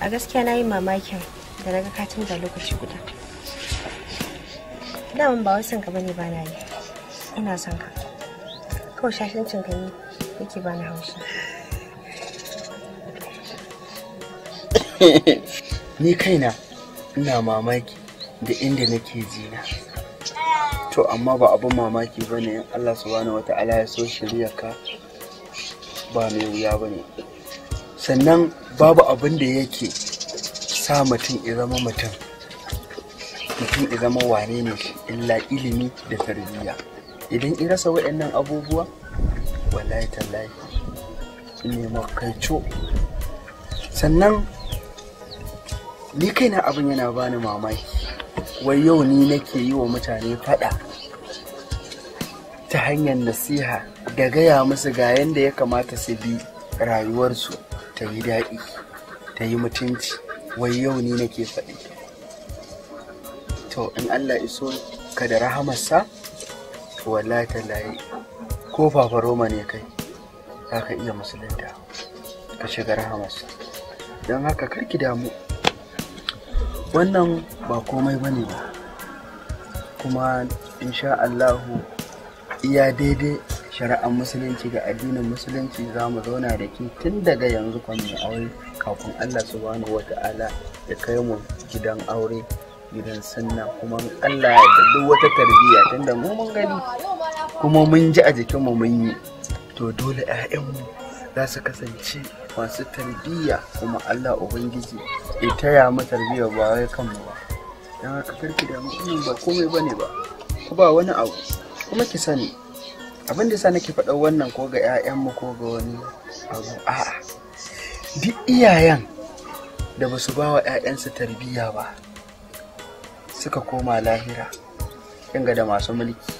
a gaskiya na yi mamakin da na ga katin da lokaci guda daman ba wasan ka bane bana yi ina son ka kawai shashin ka ne yake bani haushi ni kaina ina mamaki da inda nake jina to amma ba abin mamaki ba ne in allah subhanahu wa ta'ala ya so shirya ka ba mai wuya ba ne sannan babu abin da yake sa mutum ya zama mutum mutum ya zama wane ne illa ilimi da tarbiyya idan in rasa waɗannan abubuwa wallahi tallahi ne makaico sannan ni kaina abin yana bani mamaki wai yau ni nake yi wa mutane faɗa ta hanyar nasiha da gaya musu ga yadda ya kamata su bi rayuwarsu ta yi daɗi ta yi mutunci wai yau ni nake faɗi to in allah iso ka da rahamarsa to wallahi layi ko fafaroma ne kai za ka iya musulunta ka shiga rahamarsa don haka karki damu wannan ba komai ba ne ba kuma insha allahu iya daidai shari'ar musulunci da addinin musulunci za mu zauna da ke tun daga yanzu kan mu aure kafin Allah subhanahu wa ta'ala ya kai mu gidan aure gidan sunna kuma Allah ya duk wata tarbiyya tunda mu mun gani kuma mun ji a jikin mu mun yi to dole 'ya'yanmu za su kasance masu tarbiyya kuma Allah ubangiji ya taya mu tarbiyya ba wai kanmu ba dan haka karki da mu ba komai bane ba ba wani abu kuma ki sani abin da sa nake faɗa wannan ko ga 'ya'yanmu ko ga wani abu a'a duk iyayen da ba su ba wa 'ya'yansu tarbiyya ba suka koma lahira inga da masu mulki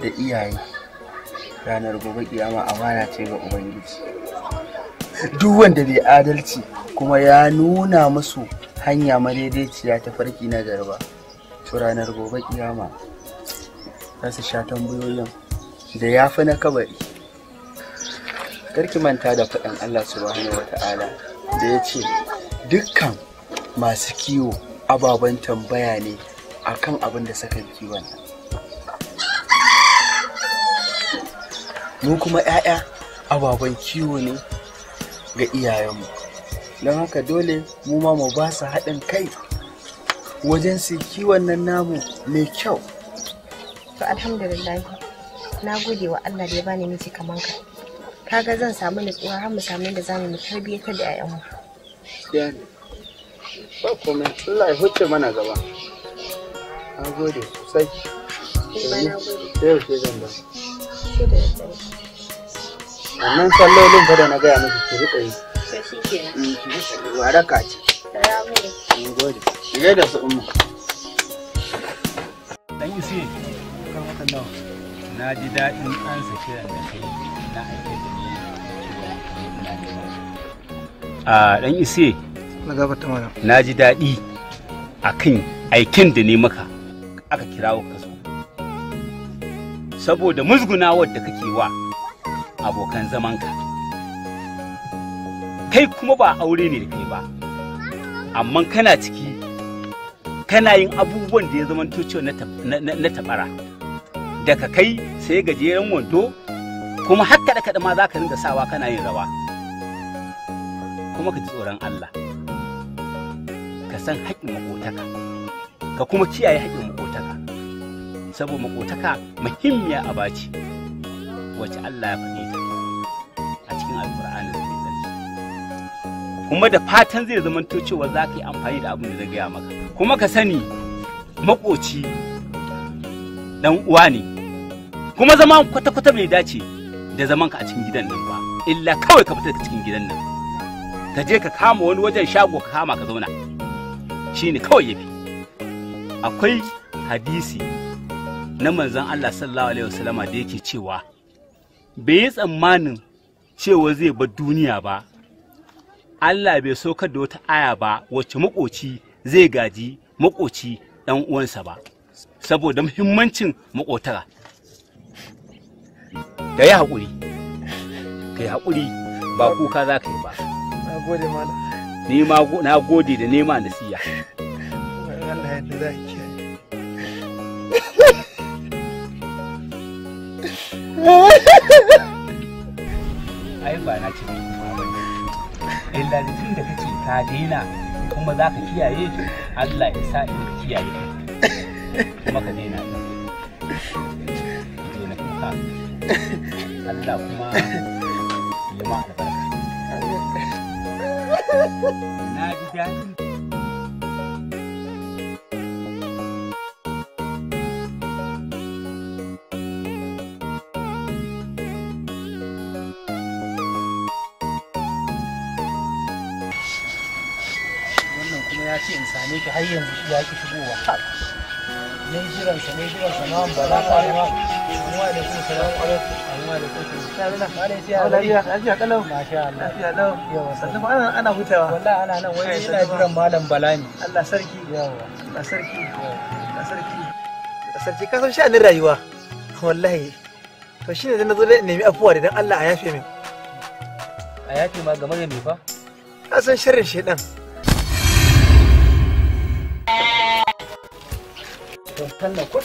da iyaye ranar gobe kiyama amana ce ga ubangiji duk wanda bai adalci kuma ya nuna musu hanya madaidaiciya ta farki na garba to ranar gobe kiyama za su sha tambayoyin da ya fi na kabari ki manta da faɗin Allah subhanahu wa ta'ala da ya ce dukkan masu kiwo ababen tambaya ne a kan abin da suka kiwon nan mu kuma 'ya'ya ababen kiwo ne ga iyayenmu don haka dole mu ma mu ba su haɗin kai wajen su kiwon nan namu mai kyau to alhamdulillah na gode wa Allah da ya bani miji kamar ka kaga zan samu nutsuwa har mu samu da zamu mu tarbiyyatar da ƴaƴanmu gaskiya ne ba komai Allah ya huce mana gaba na gode sai? yau ke zan ba wannan sallolin fa da na gaya miki ki riƙa yi mm, waraka ce na gode shige da su umma dan yi sai kan watan nawa na ji daɗin an kiran da kai na aike da ni a ɗan ise na ji daɗi a kan aikin da ne maka aka kirawo ka kasu. saboda musgunawar da kake wa abokan zamanka kai kuma ba aure ne da kai ba amma kana ciki kana yin abubuwan da ya zama na tabara daga kai sai gajeren wando kuma har kaɗa kaɗa ma za ka sawa kana yin rawa kuma ka ji tsoron Allah ka san haƙƙin makotaka ka kuma kiyaye haƙƙin makotaka saboda makotaka muhimmiya a baci wacce Allah ya faɗi ta a cikin alƙur'ani da kuma da fatan zai zamanto cewa za ka yi amfani da abin da zai gaya maka kuma ka sani makoci dan uwa ne kuma zama kwata-kwata bai dace da zaman ka a cikin gidan nan ba illa kawai ka fita cikin gidan nan ka je ka kama wani wajen shago ka kama ka zauna shine kawai yafi akwai hadisi na manzon Allah sallallahu alaihi wasallama da yake cewa bai yi tsammanin cewa zai bar duniya ba Allah bai saukar da wata aya ba wacce makoci zai gaji makoci dan uwansa ba saboda muhimmancin makotara ka yi haƙuri ka yi haƙuri ba kuka za ka yi ba na gode da nema da siya. ai ba na ce illa da tun da kake ka daina kuma za ka kiyaye Allah ya sa in kiyaye kuma ka daina daina kuka 来，今天。我弄这么样健身，你去还硬是去挨欺负我。mun jiran sa jiran sa ba za ka yi ba da kuma salamu alaikum da kuma sallah malai sai lafiya kalau Allah lafiya lau yawa sannan ana ana hutawa wallahi ana nan wai ina jiran malam balami Allah sarki yawa Allah sarki Allah sarki Allah sarki ka san sha'anin rayuwa wallahi to shine da nazo da nemi afuwa da dan Allah a yafe min a yafe ma game da me fa ka san sharrin shedan tamfan nan ko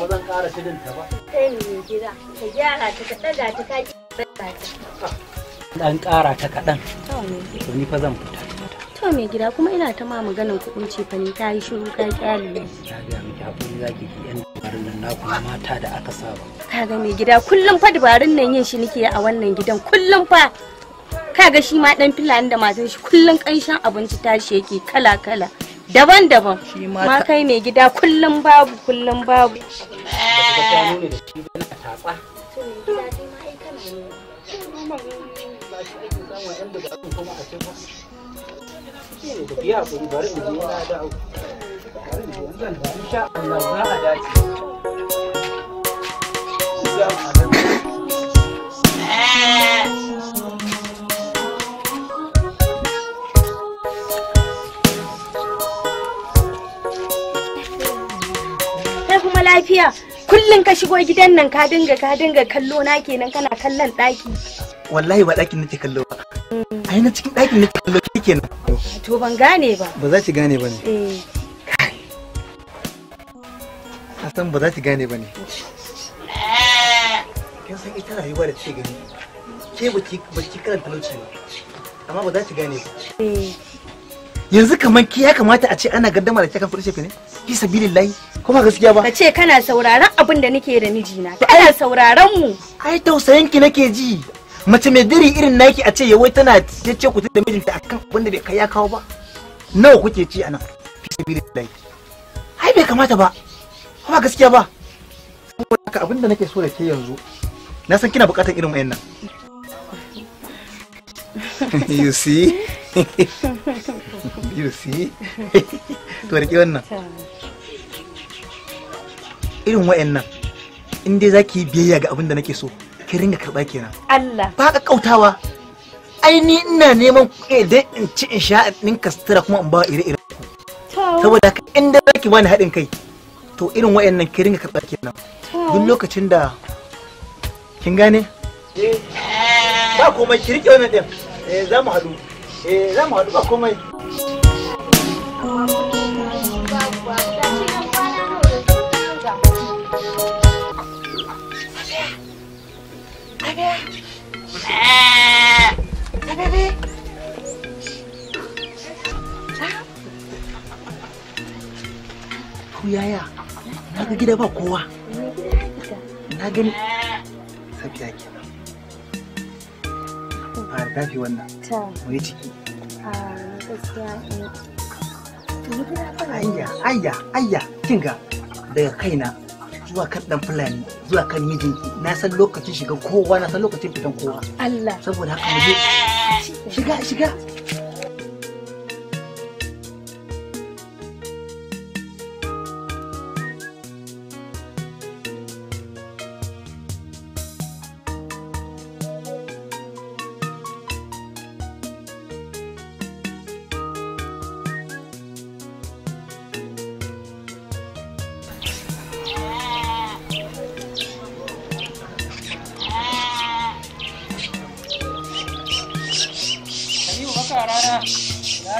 ba zan ƙara shirin ta ba. Kai mai gida, ka gyara ta ka ɗaga ta ka ta. Dan ƙara ta kaɗan. To ni fa zan fita. To mai gida kuma ina ta ma maganar kuɗin cefane ta yi shiru ka ƙyale. Na ga miki hakuri za ki yan dabarun nan naku na mata da aka saba. Kaga mai gida kullum fa dabarun nan yin shi nake a wannan gidan kullum fa. Kaga shi ma ɗan filani da matan shi kullum ƙanshin abinci tashi yake kala-kala. daban-daban ma kai mai gida kullum babu kullum babu Yeah. lafiya kullum ka shigo gidan nan ka dinga ka dinga kallo na kenan kana kallon daki wallahi ba daki nake kallo ba ai na cikin daki nake kallo kenan to ban gane ba ba za ki gane ba ne eh san ba za ki gane ba ne kin san ita rayuwa da ce gani ke ba ki karanta lokaci ba amma ba za ki gane ba eh yanzu kamar ki ya kamata a ce ana gaddama da kika furce ne fi sabilillahi kuma gaskiya ba kace kana sauraron abin da nake da mijina kana sauraron mu ai tausayin ki nake ji mace mai diri irin naki a ce ya wai tana ce ku da mijinta akan abin da bai kai ya kawo ba nawa kuke ci anan fi sabilillahi ai bai kamata ba kuma gaskiya ba saboda haka abin da nake so da ke yanzu na san kina bukatar irin wayannan you see juice to rike wannan irin wayannan in dai zaki yi biyayya ga abin da nake so ki ringa karba kenan Allah ba ka kautawa ai ni ina neman idan in ci in sha in kastura kuma in ba ire-ire saboda ka in da ki bani haɗin kai to irin wayannan ki ringa karba kenan duk lokacin da kin gane eh. ba komai ki rike wannan din eh, za mu haɗu eh, za mu haɗu ba komai To yaya, na ga gida ba kowa. Na gani. Safiya A tafi wannan. Ta. Mu yi ciki. Eh. Ayya, ayya, kinga daga kaina. zuwa kan dan fulani zuwa kan mijinki na san lokacin shiga kowa na san lokacin fitan kowa Allah saboda haka mu shiga shiga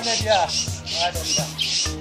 Ana ya, Ana ya.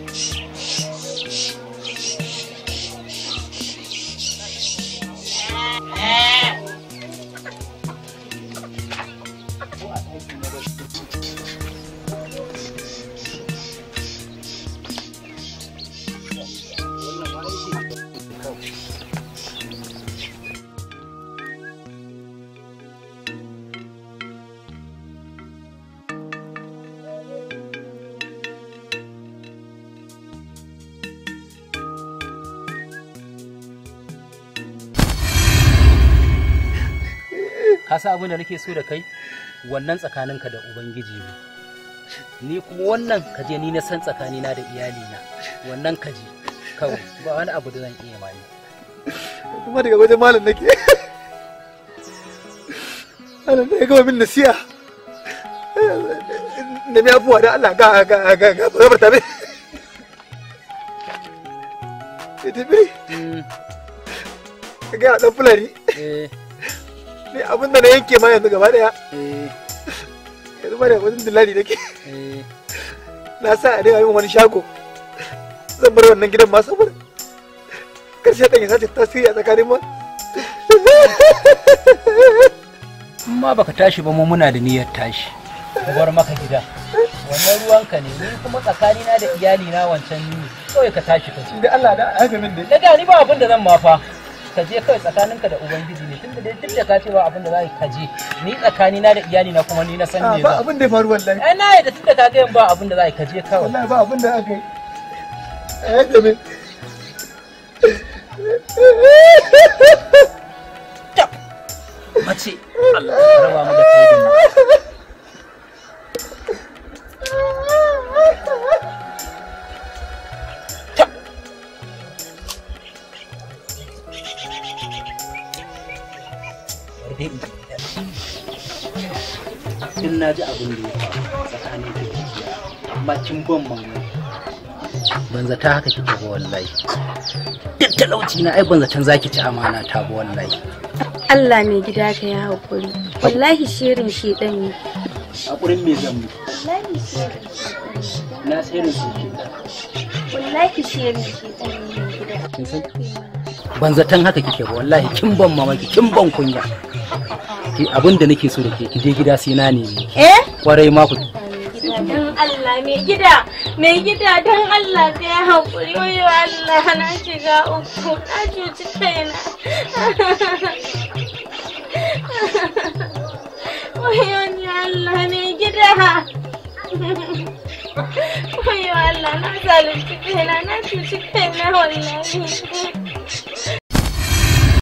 ka sa abin da nake so da kai wannan tsakaninka da ubangiji ne ni kuma wannan kaje ni na san tsakanina da iyalina wannan kaje kawai ba wani abu da zan iya mani kuma daga wajen malam nake Allah ne min nasiya da mai abuwa da Allah ga ga ga ga ba ta ita bi ga dan fulani eh ne abin da na yanke ma yanzu gaba daya eh. yanzu ma da wajen da nake eh. na sa a daga yin wani shago zan bar wannan gidan ma saboda karshe ɗan ya sace tasiri a tsakanin ma ma baka tashi ba mu muna da niyyar tashi bar maka gida wannan ruwanka ne ni kuma tsakanina da iyalina wancan ne kawai ka tashi ka ci da Allah da haka min da ga ni ba abin da zan ma fa Kaje je kawai tsakaninka da ubangiji ne tunda dai duk da ka ce ba abin da za ka je ni tsakani na da iyali na kuma ni na san me ah, ba abin da ya faru wallahi ai eh, na yadda tunda ka ga ba abin da za ka kawai wallahi ba abin da aka yi eh me mace Allah ya mu da kai ji abin da ya faru tsakanin da jijiya amma ban mamaki ban zata haka kike ba wallahi duk talauci na ai ban zatan zaki ci amana ta ba wallahi Allah mai gida ka ya hakuri wallahi shirin shedan ne hakurin me zan wallahi shirin na shirin shedan wallahi shirin shedan ne gida ban zatan haka kike ba wallahi kin ban mamaki kin ban kunya ke abin da nake so da ke ki je gida sai na nemi. eh kwarai ma ku dan Allah mai gida mai gida dan Allah sai ya haƙuri wayo Allah na shiga uku na cuci kaina wayo ni Allah mai gida wayo Allah na zalunci kaina na cuci kaina wallahi